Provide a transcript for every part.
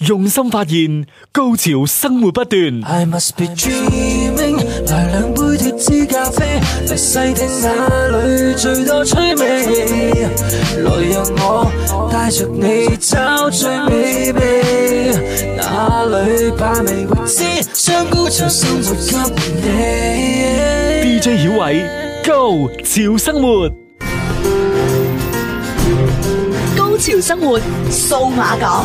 用心發現，高潮生活不斷。I must be dreaming，來兩杯脫脂咖啡，嚟細聽那裏最多趣味。來讓我帶着你找最美味，baby, 哪裏把味未知，將高潮生活給你。DJ 小偉，Go，潮生活，高潮生活，數碼港。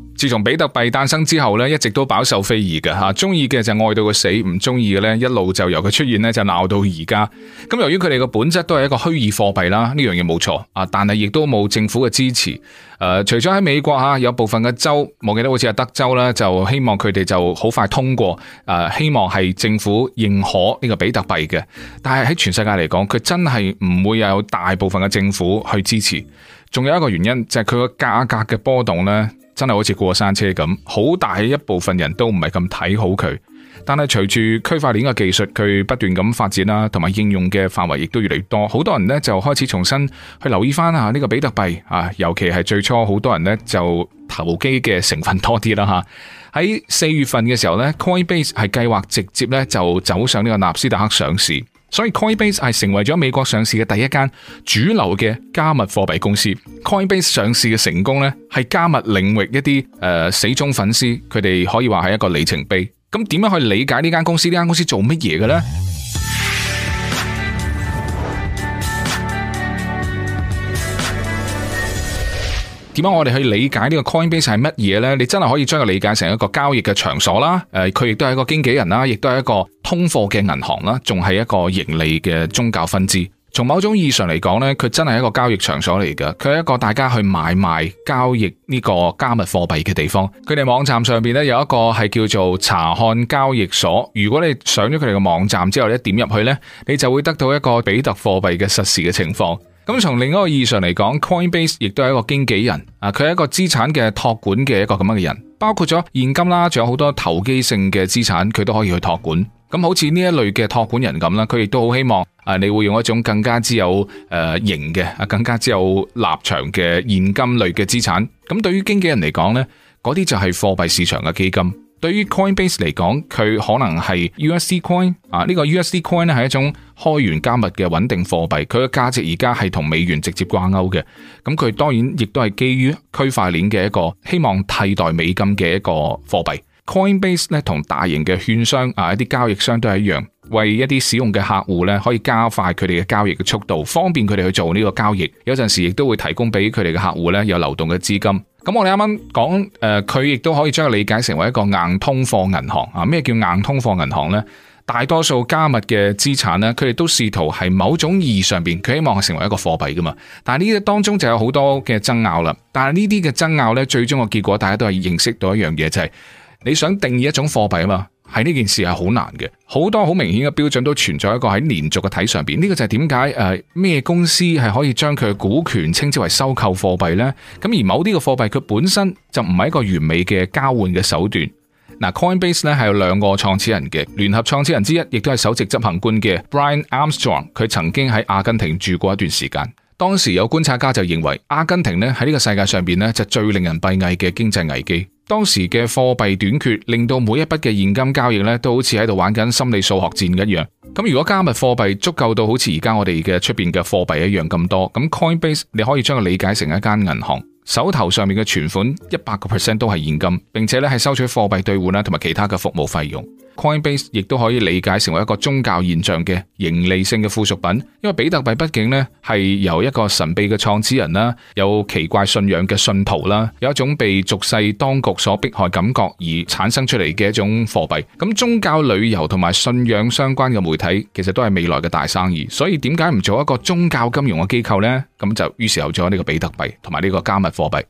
自從比特幣誕生之後咧，一直都飽受非議嘅吓，中意嘅就愛到佢死，唔中意嘅咧，一路就由佢出現咧，就鬧到而家。咁由於佢哋嘅本質都係一個虛擬貨幣啦，呢樣嘢冇錯啊，但係亦都冇政府嘅支持。誒、呃，除咗喺美國吓，有部分嘅州，我記得好似係德州啦，就希望佢哋就好快通過誒、呃，希望係政府認可呢個比特幣嘅。但係喺全世界嚟講，佢真係唔會有大部分嘅政府去支持。仲有一個原因就係佢個價格嘅波動咧。真係好似過山車咁，好大一部分人都唔係咁睇好佢。但係隨住區塊鏈嘅技術佢不斷咁發展啦，同埋應用嘅範圍亦都越嚟越多，好多人呢，就開始重新去留意翻下呢個比特幣啊，尤其係最初好多人呢，就投機嘅成分多啲啦吓。喺、啊、四月份嘅時候呢，Coinbase 係計劃直接呢，就走上呢個納斯達克上市。所以 Coinbase 係成為咗美國上市嘅第一間主流嘅加密貨幣公司。Coinbase 上市嘅成功咧，係加密領域一啲誒、呃、死忠粉絲，佢哋可以話係一個里程碑。咁點樣去理解呢間公司？呢間公司做乜嘢嘅咧？點解我哋去理解呢個 Coinbase 係乜嘢呢？你真係可以將佢理解成一個交易嘅場所啦。誒、呃，佢亦都係一個經紀人啦，亦都係一個通貨嘅銀行啦，仲係一個盈利嘅宗教分支。從某種意義上嚟講呢，佢真係一個交易場所嚟㗎。佢係一個大家去買賣交易呢個加密貨幣嘅地方。佢哋網站上邊呢，有一個係叫做查看交易所。如果你上咗佢哋嘅網站之後咧，一點入去呢，你就會得到一個比特貨幣嘅實時嘅情況。咁從另一個意義上嚟講，Coinbase 亦都係一個經紀人，啊，佢係一個資產嘅託管嘅一個咁樣嘅人，包括咗現金啦、啊，仲有好多投機性嘅資產，佢都可以去託管。咁好似呢一類嘅託管人咁啦，佢亦都好希望啊，你會用一種更加之有誒、呃、形嘅啊，更加之有立場嘅現金類嘅資產。咁對於經紀人嚟講呢，嗰啲就係貨幣市場嘅基金。對於 Coinbase 嚟講，佢可能係 USD Coin 啊，呢個 USD Coin 咧係一種開源加密嘅穩定貨幣，佢嘅價值而家係同美元直接掛鈎嘅。咁佢當然亦都係基於區塊鏈嘅一個希望替代美金嘅一個貨幣。Coinbase 咧同大型嘅券商啊一啲交易商都係一樣，為一啲使用嘅客戶咧可以加快佢哋嘅交易嘅速度，方便佢哋去做呢個交易。有陣時亦都會提供俾佢哋嘅客戶咧有流動嘅資金。咁我哋啱啱講誒，佢亦都可以將佢理解成為一個硬通貨銀行啊！咩叫硬通貨銀行呢？大多數加密嘅資產呢，佢哋都試圖係某種意義上邊，佢希望係成為一個貨幣噶嘛。但係呢啲當中就有好多嘅爭拗啦。但係呢啲嘅爭拗呢，最終嘅結果，大家都係認識到一樣嘢，就係你想定義一種貨幣啊嘛。喺呢件事係好難嘅，好多好明顯嘅標準都存在一個喺連續嘅體上邊。呢個就係點解誒咩公司係可以將佢嘅股權稱之為收購貨幣呢？咁而某啲嘅貨幣佢本身就唔係一個完美嘅交換嘅手段。嗱，嗯，Coinbase 咧係有兩個創始人嘅，聯合創始人之一亦都係首席執行官嘅 Brian Armstrong，佢曾經喺阿根廷住過一段時間。當時有觀察家就認為阿根廷咧喺呢個世界上邊咧就最令人閉翳嘅經濟危機。當時嘅貨幣短缺，令到每一筆嘅現金交易咧，都好似喺度玩緊心理數學戰一樣。咁如果加密貨幣足夠到好似而家我哋嘅出面嘅貨幣一樣咁多，咁 Coinbase 你可以將佢理解成一間銀行，手頭上面嘅存款一百個 percent 都係現金，並且咧係收取貨幣兌換啦，同埋其他嘅服務費用。Coinbase 亦都可以理解成為一個宗教現象嘅盈利性嘅附屬品，因為比特幣畢竟呢係由一個神秘嘅創始人啦，有奇怪信仰嘅信徒啦，有一種被俗世當局所迫害感覺而產生出嚟嘅一種貨幣。咁宗教旅遊同埋信仰相關嘅媒體，其實都係未來嘅大生意。所以點解唔做一個宗教金融嘅機構呢？咁就於是有咗呢個比特幣同埋呢個加密貨幣。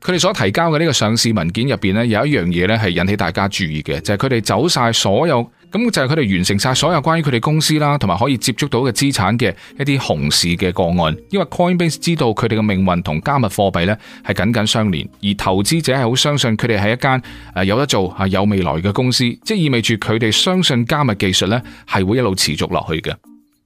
佢哋所提交嘅呢個上市文件入邊呢，有一樣嘢呢係引起大家注意嘅，就係佢哋走晒所有，咁就係佢哋完成晒所有關於佢哋公司啦，同埋可以接觸到嘅資產嘅一啲熊市嘅個案。因為 Coinbase 知道佢哋嘅命運同加密貨幣呢係緊緊相連，而投資者係好相信佢哋係一間誒有得做啊有未來嘅公司，即係意味住佢哋相信加密技術呢係會一路持續落去嘅。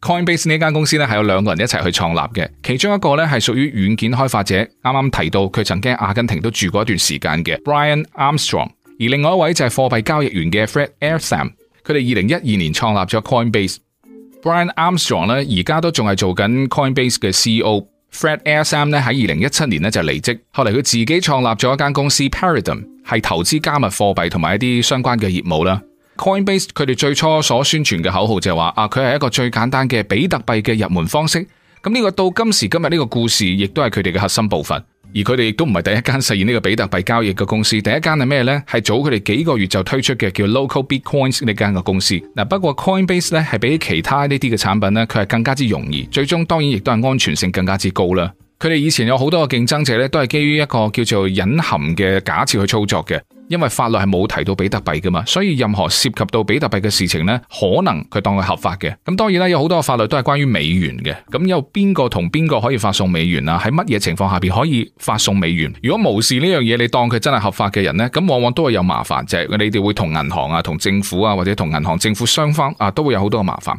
Coinbase 呢間公司咧係有兩個人一齊去創立嘅，其中一個咧係屬於軟件開發者，啱啱提到佢曾經喺阿根廷都住過一段時間嘅 Brian Armstrong，而另外一位就係貨幣交易員嘅 Fred Ehrsam，佢哋二零一二年創立咗 Coinbase，Brian Armstrong 咧而家都仲係做緊 Coinbase 嘅 CEO，Fred Ehrsam、er、咧喺二零一七年咧就離職，後嚟佢自己創立咗一間公司 Paradigm，、um，係投資加密貨幣同埋一啲相關嘅業務啦。Coinbase 佢哋最初所宣傳嘅口號就係話啊，佢係一個最簡單嘅比特幣嘅入門方式。咁呢個到今時今日呢個故事，亦都係佢哋嘅核心部分。而佢哋亦都唔係第一間實現呢個比特幣交易嘅公司，第一間係咩呢？係早佢哋幾個月就推出嘅叫 Local Bitcoin 呢間嘅公司。嗱，不過 Coinbase 咧係比其他呢啲嘅產品呢，佢係更加之容易，最終當然亦都係安全性更加之高啦。佢哋以前有好多嘅競爭者咧，都係基於一個叫做隱含嘅假設去操作嘅。因為法律係冇提到比特幣噶嘛，所以任何涉及到比特幣嘅事情呢，可能佢當佢合法嘅。咁當然啦，有好多法律都係關於美元嘅。咁有邊個同邊個可以發送美元啊？喺乜嘢情況下邊可以發送美元？如果無視呢樣嘢，你當佢真係合法嘅人呢，咁往往都會有麻煩。就係、是、你哋會同銀行啊、同政府啊，或者同銀行、政府雙方啊，都會有好多麻煩。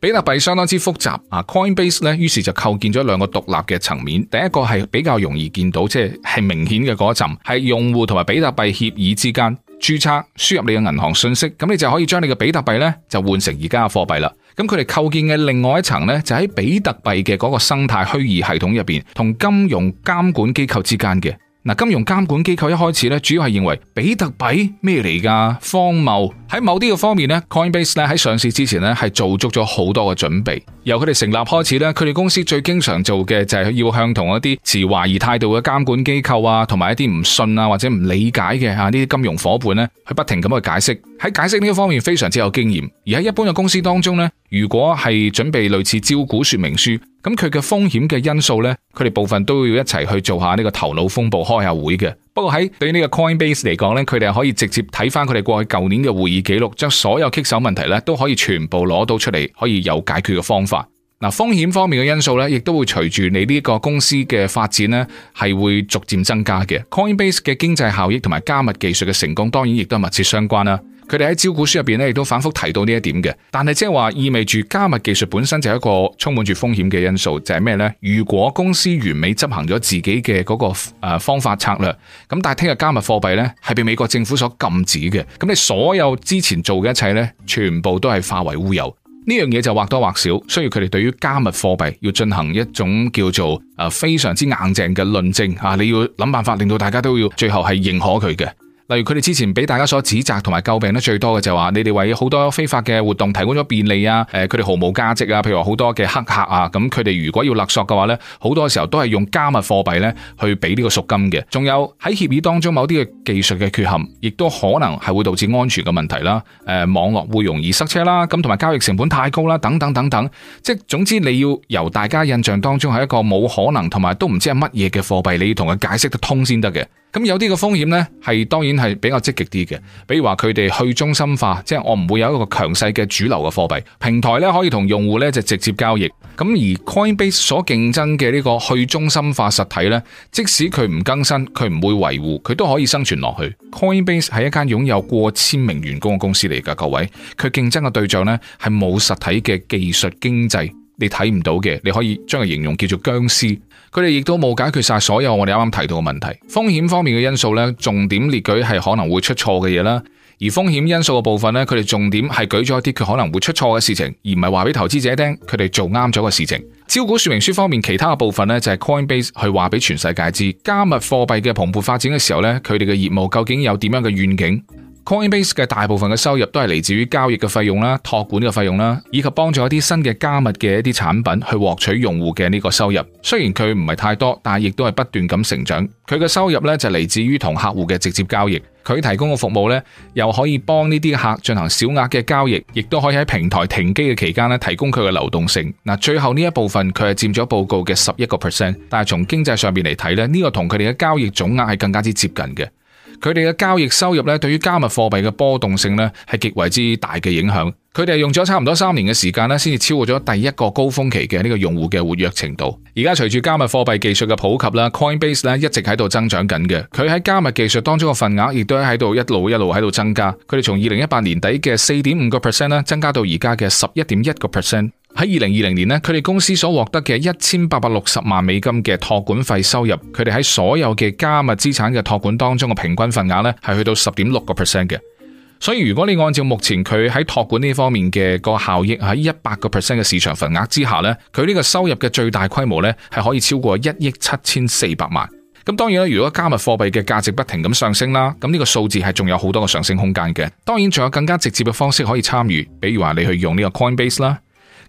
比特幣相當之複雜啊，Coinbase 咧，於是就構建咗兩個獨立嘅層面。第一個係比較容易見到，即係係明顯嘅嗰一層，係用戶同埋比特幣協議之間註冊輸入你嘅銀行信息，咁你就可以將你嘅比特幣咧就換成而家嘅貨幣啦。咁佢哋構建嘅另外一層咧，就喺比特幣嘅嗰個生態虛擬系統入面，同金融監管機構之間嘅。嗱，金融監管機構一開始咧，主要係認為比特幣咩嚟噶荒謬。喺某啲嘅方面咧，Coinbase 咧喺上市之前咧係做足咗好多嘅準備。由佢哋成立開始咧，佢哋公司最經常做嘅就係要向同一啲持懷疑態度嘅監管機構啊，同埋一啲唔信啊或者唔理解嘅啊呢啲金融夥伴咧，去不停咁去解釋。喺解釋呢一方面非常之有經驗，而喺一般嘅公司當中咧。如果係準備類似招股說明書，咁佢嘅風險嘅因素呢，佢哋部分都要一齊去做下呢個頭腦風暴，開下會嘅。不過喺對於呢個 Coinbase 嚟講呢，佢哋可以直接睇翻佢哋過去舊年嘅會議記錄，將所有棘手問題呢都可以全部攞到出嚟，可以有解決嘅方法。嗱，風險方面嘅因素呢，亦都會隨住你呢個公司嘅發展呢，係會逐漸增加嘅。Coinbase 嘅經濟效益同埋加密技術嘅成功，當然亦都係密切相關啦。佢哋喺招股書入邊咧，亦都反覆提到呢一點嘅。但係即係話，意味住加密技術本身就係一個充滿住風險嘅因素，就係咩呢？如果公司完美執行咗自己嘅嗰個方法策略，咁但係聽日加密貨幣呢，係被美國政府所禁止嘅，咁你所有之前做嘅一切呢，全部都係化為烏有。呢樣嘢就或多或少，所以佢哋對於加密貨幣要進行一種叫做誒非常之硬淨嘅論證啊！你要諗辦法令到大家都要最後係認可佢嘅。例如佢哋之前俾大家所指責同埋詬病得最多嘅就係話，你哋為好多非法嘅活動提供咗便利啊，誒，佢哋毫無價值啊，譬如話好多嘅黑客啊，咁佢哋如果要勒索嘅話呢，好多時候都係用加密貨幣咧去俾呢個贖金嘅。仲有喺協議當中某啲嘅技術嘅缺陷，亦都可能係會導致安全嘅問題啦。誒，網絡會容易塞車啦，咁同埋交易成本太高啦，等等等等。即係總之你要由大家印象當中係一個冇可能同埋都唔知係乜嘢嘅貨幣，你要同佢解釋得通先得嘅。咁有啲嘅風險呢，係當然係比較積極啲嘅，比如話佢哋去中心化，即係我唔會有一個強勢嘅主流嘅貨幣平台呢，可以同用戶呢就直接交易。咁而 Coinbase 所競爭嘅呢個去中心化實體呢，即使佢唔更新，佢唔會維護，佢都可以生存落去。Coinbase 係一間擁有過千名員工嘅公司嚟噶，各位，佢競爭嘅對象呢係冇實體嘅技術經濟，你睇唔到嘅，你可以將佢形容叫做僵屍。佢哋亦都冇解決晒所有我哋啱啱提到嘅問題。風險方面嘅因素咧，重點列舉係可能會出錯嘅嘢啦。而風險因素嘅部分咧，佢哋重點係舉咗一啲佢可能會出錯嘅事情，而唔係話俾投資者聽佢哋做啱咗嘅事情。招股說明書方面，其他嘅部分咧，就係 Coinbase 去話俾全世界知，加密貨幣嘅蓬勃發展嘅時候咧，佢哋嘅業務究竟有點樣嘅願景。Coinbase 嘅大部分嘅收入都係嚟自於交易嘅費用啦、託管嘅費用啦，以及幫助一啲新嘅加密嘅一啲產品去獲取用戶嘅呢個收入。雖然佢唔係太多，但係亦都係不斷咁成長。佢嘅收入咧就嚟自於同客戶嘅直接交易。佢提供嘅服務咧又可以幫呢啲客進行小額嘅交易，亦都可以喺平台停機嘅期間咧提供佢嘅流動性。嗱，最後呢一部分佢係佔咗報告嘅十一個 percent，但係從經濟上邊嚟睇咧，呢個同佢哋嘅交易總額係更加之接近嘅。佢哋嘅交易收入咧，對於加密貨幣嘅波動性咧，係極為之大嘅影響。佢哋用咗差唔多三年嘅時間咧，先至超過咗第一個高峰期嘅呢個用戶嘅活躍程度。而家隨住加密貨幣技術嘅普及啦，Coinbase 咧一直喺度增長緊嘅。佢喺加密技術當中嘅份額亦都喺度一路一路喺度增加。佢哋從二零一八年底嘅四點五個 percent 咧，增加到而家嘅十一點一個 percent。喺二零二零年呢，佢哋公司所獲得嘅一千八百六十萬美金嘅託管費收入，佢哋喺所有嘅加密資產嘅託管當中嘅平均份額呢，係去到十點六個 percent 嘅。所以如果你按照目前佢喺託管呢方面嘅個效益喺一百個 percent 嘅市場份額之下呢，佢呢個收入嘅最大規模呢，係可以超過一億七千四百萬。咁當然啦，如果加密貨幣嘅價值不停咁上升啦，咁呢個數字係仲有好多嘅上升空間嘅。當然仲有更加直接嘅方式可以參與，比如話你去用呢個 Coinbase 啦。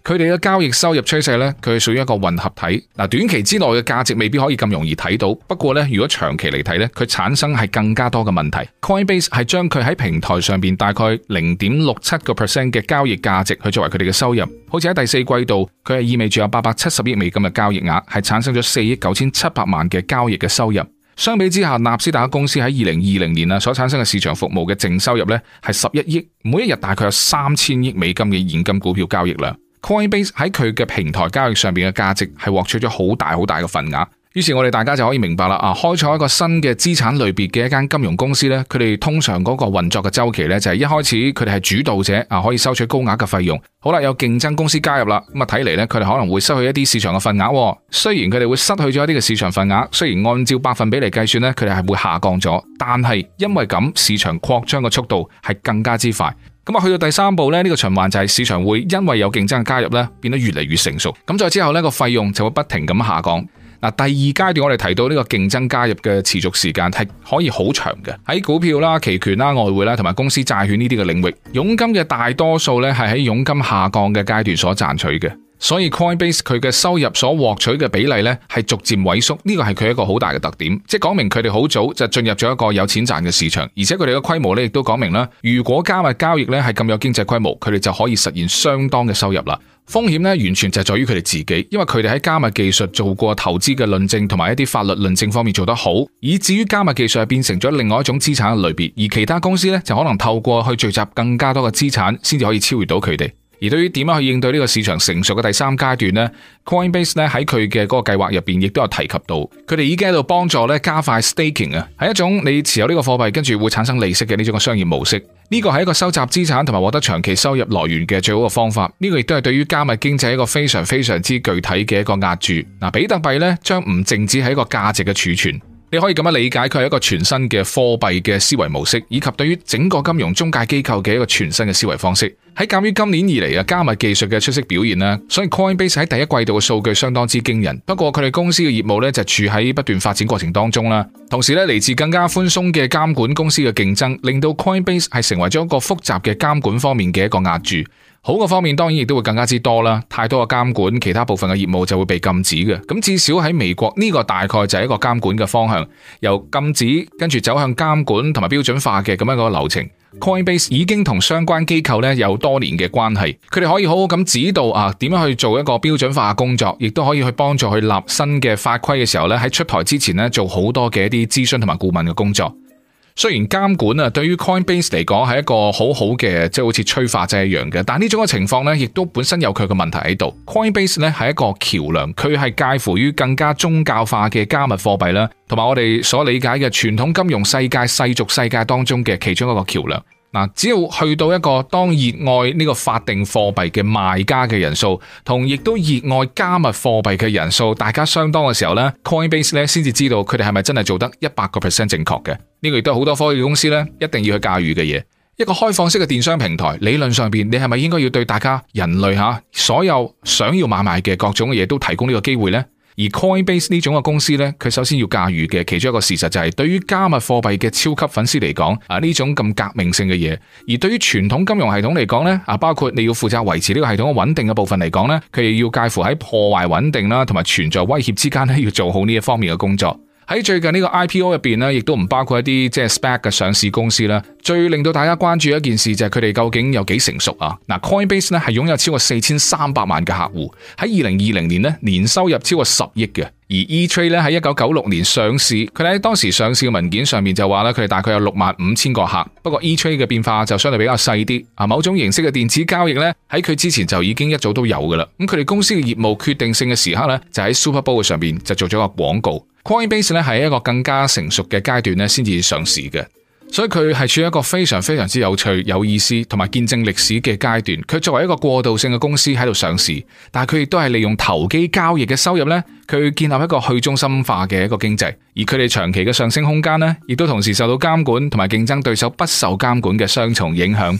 佢哋嘅交易收入趨勢咧，佢係屬於一個混合體嗱。短期之內嘅價值未必可以咁容易睇到，不過咧，如果長期嚟睇咧，佢產生係更加多嘅問題。Coinbase 係將佢喺平台上邊大概零點六七個 percent 嘅交易價值去作為佢哋嘅收入，好似喺第四季度，佢係意味住有八百七十億美金嘅交易額，係產生咗四億九千七百萬嘅交易嘅收入。相比之下，納斯達克公司喺二零二零年啊所產生嘅市場服務嘅淨收入咧係十一億，每一日大概有三千億美金嘅現金股票交易量。Coinbase 喺佢嘅平台交易上邊嘅價值，係獲取咗好大好大嘅份額。於是我哋大家就可以明白啦。啊，開創一個新嘅資產類別嘅一間金融公司呢，佢哋通常嗰個運作嘅周期呢，就係一開始佢哋係主導者啊，可以收取高額嘅費用。好啦，有競爭公司加入啦，咁啊睇嚟呢，佢哋可能會失去一啲市場嘅份額。雖然佢哋會失去咗一啲嘅市場份額，雖然按照百分比嚟計算呢，佢哋係會下降咗，但係因為咁市場擴張嘅速度係更加之快。咁啊，去到第三步呢，呢個循環就係市場會因為有競爭嘅加入呢，變得越嚟越成熟。咁再之後呢，個費用就會不停咁下降。嗱，第二階段我哋提到呢個競爭加入嘅持續時間係可以好長嘅，喺股票啦、期權啦、外匯啦同埋公司債券呢啲嘅領域，佣金嘅大多數咧係喺佣金下降嘅階段所賺取嘅，所以 Coinbase 佢嘅收入所獲取嘅比例咧係逐漸萎縮，呢個係佢一個好大嘅特點，即係講明佢哋好早就進入咗一個有錢賺嘅市場，而且佢哋嘅規模咧亦都講明啦，如果加密交易咧係咁有經濟規模，佢哋就可以實現相當嘅收入啦。風險呢完全就係在於佢哋自己，因為佢哋喺加密技術做過投資嘅論證同埋一啲法律論證方面做得好，以至於加密技術係變成咗另外一種資產嘅類別，而其他公司呢，就可能透過去聚集更加多嘅資產，先至可以超越到佢哋。而對於點樣去應對呢個市場成熟嘅第三階段呢，Coinbase 喺佢嘅嗰個計劃入邊，亦都有提及到，佢哋已經喺度幫助咧加快 staking 嘅，係一種你持有呢個貨幣跟住會產生利息嘅呢種嘅商業模式。呢個係一個收集資產同埋獲得長期收入來源嘅最好嘅方法。呢、這個亦都係對於加密經濟一個非常非常之具體嘅一個押注。嗱，比特幣咧將唔淨止係一個價值嘅儲存。你可以咁樣理解，佢係一個全新嘅貨幣嘅思維模式，以及對於整個金融中介機構嘅一個全新嘅思維方式。喺鑑於今年以嚟啊，加密技術嘅出色表現啦，所以 Coinbase 喺第一季度嘅數據相當之驚人。不過佢哋公司嘅業務咧就處喺不斷發展過程當中啦。同時咧，嚟自更加寬鬆嘅監管公司嘅競爭，令到 Coinbase 係成為咗一個複雜嘅監管方面嘅一個押注。好嘅方面當然亦都會更加之多啦，太多嘅監管，其他部分嘅業務就會被禁止嘅。咁至少喺美國呢個大概就係一個監管嘅方向，由禁止跟住走向監管同埋標準化嘅咁樣一個流程。Coinbase 已經同相關機構呢有多年嘅關係，佢哋可以好好咁指導啊點樣去做一個標準化嘅工作，亦都可以去幫助佢立新嘅法規嘅時候呢，喺出台之前呢，做好多嘅一啲諮詢同埋顧問嘅工作。雖然監管啊，對於 Coinbase 嚟講係一個好好嘅，即係好似催化劑一樣嘅，但呢種嘅情況呢亦都本身有佢嘅問題喺度。Coinbase 呢係一個橋樑，佢係介乎於更加宗教化嘅加密貨幣啦，同埋我哋所理解嘅傳統金融世界、世俗世界當中嘅其中一個橋樑。嗱，只要去到一個當熱愛呢個法定貨幣嘅賣家嘅人數，同亦都熱愛加密貨幣嘅人數，大家相當嘅時候呢 Coinbase 咧先至知道佢哋係咪真係做得一百個 percent 正確嘅。呢個亦都好多科技公司呢一定要去駕馭嘅嘢。一個開放式嘅電商平台，理論上邊你係咪應該要對大家人類吓所有想要買賣嘅各種嘅嘢都提供呢個機會呢？而 Coinbase 呢種嘅公司咧，佢首先要駕馭嘅其中一個事實就係，對於加密貨幣嘅超級粉絲嚟講，啊呢種咁革命性嘅嘢；而對於傳統金融系統嚟講咧，啊包括你要負責維持呢個系統嘅穩定嘅部分嚟講咧，佢又要介乎喺破壞穩定啦，同埋存在威脅之間咧，要做好呢一方面嘅工作。喺最近呢個 IPO 入面，咧，亦都唔包括一啲即係 SPAC 嘅上市公司。最令到大家關注嘅一件事就係佢哋究竟有幾成熟。Coinbase 咧，係擁有超過四千三百萬嘅客戶，喺二零二零年年收入超過十億嘅。而 eTrade 咧喺一九九六年上市，佢喺當時上市嘅文件上面就話咧，佢哋大概有六萬五千個客。不過 eTrade 嘅變化就相對比較細啲。啊，某種形式嘅電子交易咧喺佢之前就已經一早都有噶啦。咁佢哋公司嘅業務決定性嘅時刻咧就喺 Super Bowl 上邊就做咗個廣告。Coinbase 咧喺一個更加成熟嘅階段咧先至上市嘅。所以佢係處於一個非常非常之有趣、有意思，同埋見證歷史嘅階段。佢作為一個過渡性嘅公司喺度上市，但係佢亦都係利用投機交易嘅收入呢，佢建立一個去中心化嘅一個經濟。而佢哋長期嘅上升空間呢，亦都同時受到監管同埋競爭對手不受監管嘅雙重影響。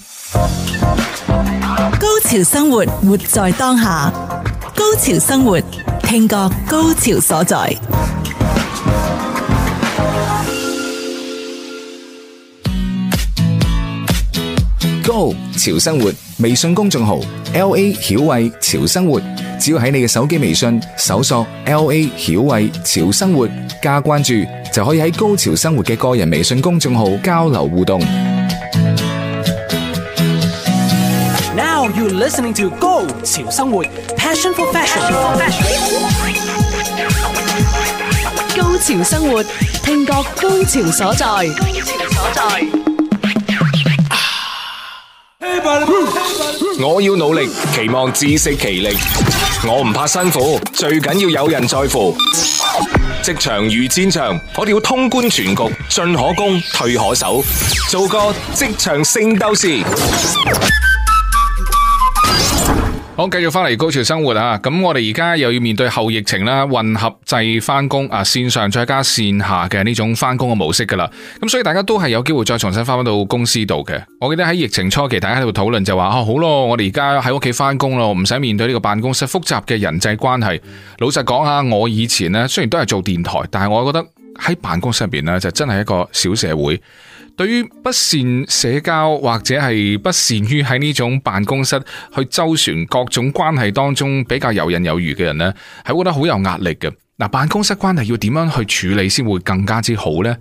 高潮生活，活在當下。高潮生活，聽過高潮所在。Go 潮生活微信公眾號，LA 曉慧潮生活，只要喺你嘅手機微信搜索 LA 曉慧潮生活加關注，就可以喺高潮生活嘅個人微信公眾號交流互動。Now you're listening to Go 潮生活，Passion for Fashion，高潮生活聽覺高潮所在。高潮所在。我要努力，期望自食其力。我唔怕辛苦，最緊要有人在乎。職場如戰場，我哋要通觀全局，進可攻，退可守，做個職場聖鬥士。我繼續翻嚟高潮生活啊！咁我哋而家又要面對後疫情啦，混合制翻工啊，線上再加線下嘅呢種翻工嘅模式噶啦。咁、啊、所以大家都係有機會再重新翻翻到公司度嘅。我記得喺疫情初期，大家喺度討論就話啊，好咯，我哋而家喺屋企翻工咯，唔使面對呢個辦公室複雜嘅人際關係。老實講啊，我以前呢，雖然都係做電台，但係我覺得。喺辦公室入邊咧就真係一個小社會，對於不善社交或者係不善於喺呢種辦公室去周旋各種關係當中比較游刃有餘嘅人呢，係會覺得好有壓力嘅。嗱，辦公室關係要點樣去處理先會更加之好呢？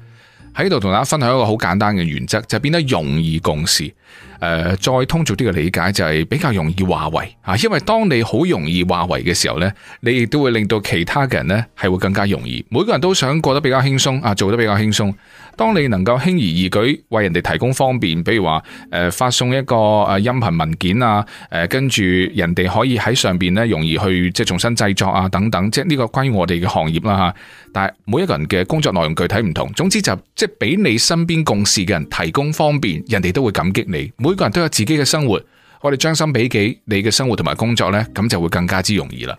喺度同大家分享一個好簡單嘅原則，就係變得容易共事。誒、呃、再通俗啲嘅理解就係比較容易話為嚇、啊，因為當你好容易話為嘅時候呢，你亦都會令到其他嘅人呢係會更加容易。每個人都想過得比較輕鬆啊，做得比較輕鬆。當你能夠輕而易舉為人哋提供方便，比如話誒、呃、發送一個誒音頻文件啊，誒跟住人哋可以喺上邊呢容易去即係重新製作啊等等，即係呢個關於我哋嘅行業啦嚇、啊。但係每一個人嘅工作內容具體唔同，總之就是、即係俾你身邊共事嘅人提供方便，人哋都會感激你。每個人都有自己嘅生活，我哋將心比己，你嘅生活同埋工作呢，咁就會更加之容易啦。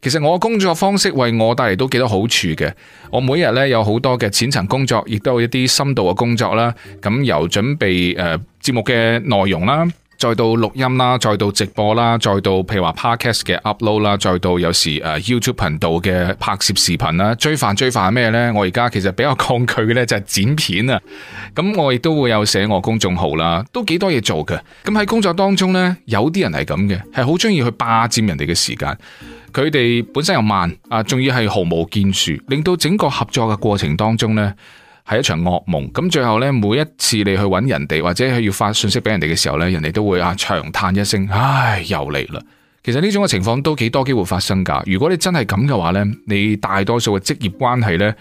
其實我嘅工作方式為我帶嚟都幾多好處嘅，我每日呢，有好多嘅淺層工作，亦都有一啲深度嘅工作啦。咁由準備誒節目嘅內容啦。再到錄音啦，再到直播啦，再到譬如話 podcast 嘅 upload 啦，再到有時誒 YouTube 頻道嘅拍攝視頻啦。最煩最煩咩呢？我而家其實比較抗拒嘅呢就係剪片啊。咁我亦都會有寫我公眾號啦，都幾多嘢做嘅。咁喺工作當中呢，有啲人係咁嘅，係好中意去霸占人哋嘅時間。佢哋本身又慢啊，仲要係毫無建樹，令到整個合作嘅過程當中呢。.係一場噩夢，咁最後呢，每一次你去揾人哋或者係要發信息俾人哋嘅時候呢，人哋都會啊長嘆一聲，唉，又嚟啦！其實呢種嘅情況都幾多機會發生噶。如果你真係咁嘅話呢，你大多數嘅職業關係呢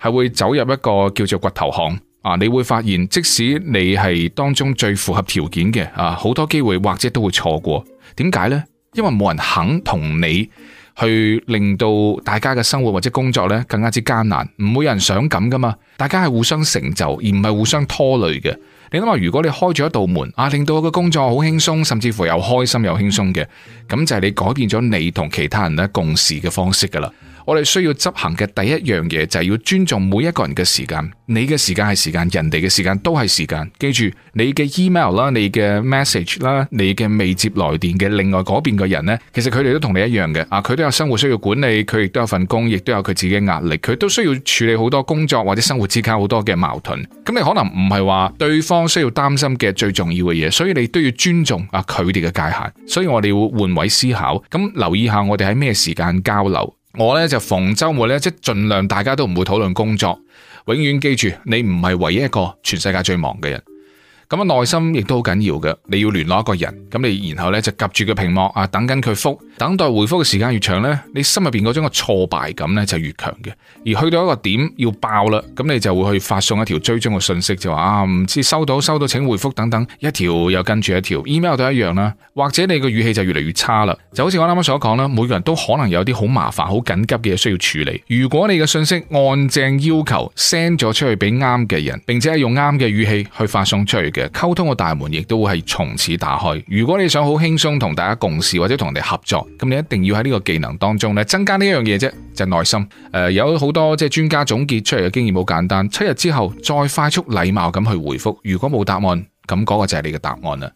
係會走入一個叫做掘頭巷啊！你會發現，即使你係當中最符合條件嘅啊，好多機會或者都會錯過。點解呢？因為冇人肯同你。去令到大家嘅生活或者工作咧更加之艱難，唔會有人想咁噶嘛。大家係互相成就而唔係互相拖累嘅。你諗下，如果你開住一道門啊，令到我嘅工作好輕鬆，甚至乎又開心又輕鬆嘅，咁就係你改變咗你同其他人咧共事嘅方式噶啦。我哋需要執行嘅第一樣嘢就係要尊重每一個人嘅時間。你嘅時間係時間，人哋嘅時間都係時間。記住，你嘅 email 啦，你嘅 message 啦，你嘅未接來電嘅，另外嗰邊嘅人呢，其實佢哋都同你一樣嘅。啊，佢都有生活需要管理，佢亦都有份工，亦都有佢自己嘅壓力，佢都需要處理好多工作或者生活之間好多嘅矛盾。咁你可能唔係話對方需要擔心嘅最重要嘅嘢，所以你都要尊重啊佢哋嘅界限。所以我哋會換位思考，咁留意下我哋喺咩時間交流。我咧就逢周末咧，即盡量大家都唔會討論工作。永遠記住，你唔係唯一一個全世界最忙嘅人。咁啊，耐心亦都好緊要嘅。你要聯絡一個人，咁你然後咧就夾住個屏幕啊，等緊佢覆。等待回覆嘅時間越長呢，你心入邊嗰種嘅挫敗感呢就越強嘅。而去到一個點要爆啦，咁你就會去發送一條追蹤嘅信息，就話啊唔知收到收到，請回覆等等，一條又跟住一條。email 都一樣啦，或者你嘅語氣就越嚟越差啦。就好似我啱啱所講啦，每個人都可能有啲好麻煩、好緊急嘅嘢需要處理。如果你嘅信息按正要求 send 咗出去俾啱嘅人，並且係用啱嘅語氣去發送出去嘅，溝通嘅大門亦都會係從此打開。如果你想好輕鬆同大家共事或者同人哋合作，咁你一定要喺呢個技能當中咧，增加呢一樣嘢啫，就係、耐心。誒、呃，有好多即係專家總結出嚟嘅經驗好簡單，七日之後再快速禮貌咁去回覆。如果冇答案，咁、那、嗰個就係你嘅答案啦。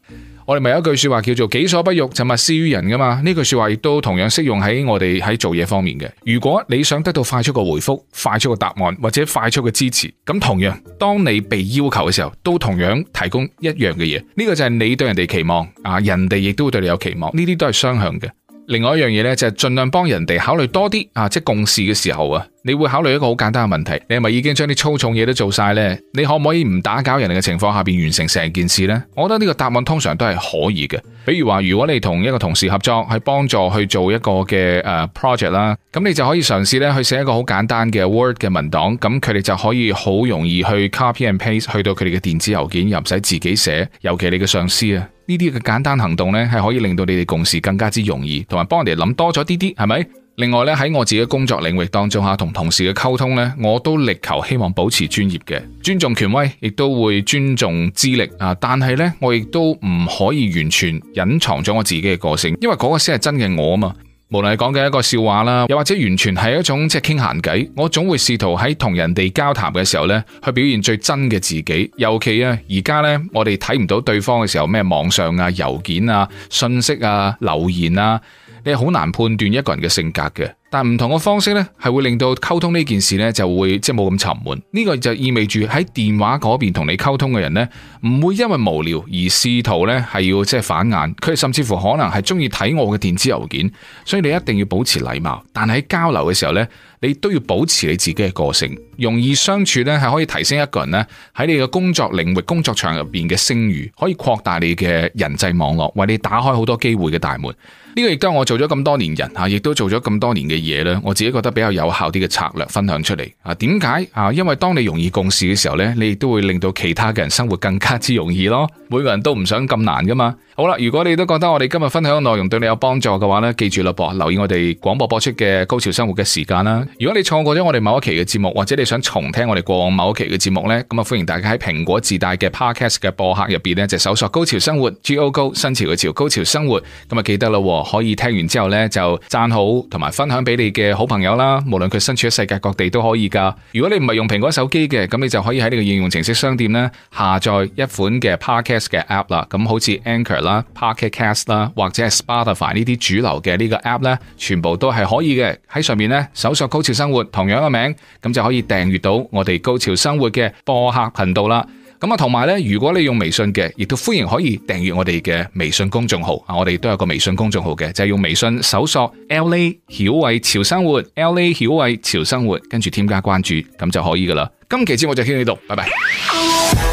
我哋咪有一句說話叫做己所不欲，就勿施於人噶嘛。呢句說話亦都同樣適用喺我哋喺做嘢方面嘅。如果你想得到快速嘅回覆、快速嘅答案或者快速嘅支持，咁同樣當你被要求嘅時候，都同樣提供一樣嘅嘢。呢、這個就係你對人哋期望啊，人哋亦都會對你有期望，呢啲都係雙向嘅。另外一樣嘢咧，就係、是，盡量幫人哋考慮多啲啊！即共事嘅時候啊，你會考慮一個好簡單嘅問題，你係咪已經將啲粗重嘢都做晒呢？你可唔可以唔打攪人哋嘅情況下邊完成成件事呢？我覺得呢個答案通常都係可以嘅。比如話，如果你同一個同事合作去幫助去做一個嘅、誒、uh, project 啦，咁你就可以嘗試咧去寫一個好簡單嘅 Word 嘅文檔，咁佢哋就可以好容易去 copy and paste 去到佢哋嘅電子郵件，又唔使自己寫，尤其你嘅上司啊。呢啲嘅簡單行動呢，係可以令到你哋共事更加之容易，同埋幫人哋諗多咗啲啲，係咪？另外呢，喺我自己工作領域當中吓，同同事嘅溝通呢，我都力求希望保持專業嘅，尊重權威，亦都會尊重資歷啊。但係呢，我亦都唔可以完全隱藏咗我自己嘅個性，因為嗰個先係真嘅我啊嘛。無論係講嘅一個笑話啦，又或者完全係一種即係傾閒偈，我總會試圖喺同人哋交談嘅時候咧，去表現最真嘅自己。尤其啊，而家咧我哋睇唔到對方嘅時候，咩網上啊、郵件啊、信息啊、留言啊，你好難判斷一個人嘅性格嘅。但唔同嘅方式呢，係會令到溝通呢件事呢就會即係冇咁沉悶。呢個就意味住喺電話嗰邊同你溝通嘅人呢，唔會因為無聊而試圖呢係要即係反眼。佢甚至乎可能係中意睇我嘅電子郵件，所以你一定要保持禮貌。但係喺交流嘅時候呢，你都要保持你自己嘅個性。容易相處呢係可以提升一個人呢喺你嘅工作領域、工作場入邊嘅聲譽，可以擴大你嘅人際網絡，為你打開好多機會嘅大門。呢個亦都係我做咗咁多年人吓，亦都做咗咁多年嘅。嘢咧，我自己覺得比較有效啲嘅策略分享出嚟啊？點解啊？因為當你容易共事嘅時候呢，你亦都會令到其他嘅人生活更加之容易咯。每個人都唔想咁難噶嘛。好啦，如果你都覺得我哋今日分享嘅內容對你有幫助嘅話呢，記住啦，噃留意我哋廣播播出嘅《高潮生活》嘅時間啦。如果你錯過咗我哋某一期嘅節目，或者你想重聽我哋過往某一期嘅節目呢，咁啊歡迎大家喺蘋果自帶嘅 Podcast 嘅播客入邊呢，就搜索高高潮潮《高潮生活》G O G 新潮嘅潮，高潮生活咁啊記得咯，可以聽完之後呢，就讚好同埋分享俾。俾你嘅好朋友啦，無論佢身處喺世界各地都可以噶。如果你唔係用蘋果手機嘅，咁你就可以喺你個應用程式商店呢，下載一款嘅 Podcast 嘅 App 啦。咁好似 Anchor 啦、Pocket Cast 啦或者係 Spotify 呢啲主流嘅呢個 App 呢，全部都係可以嘅。喺上面呢，搜索《高潮生活》同樣嘅名，咁就可以訂閱到我哋《高潮生活》嘅播客頻道啦。咁啊，同埋咧，如果你用微信嘅，亦都歡迎可以訂閱我哋嘅微信公眾號啊，我哋都有個微信公眾號嘅，就係用微信搜索 LA 曉慧潮生活，LA 曉慧潮生活，跟住添加關注，咁就可以噶啦。今期節目就傾到呢度，拜拜。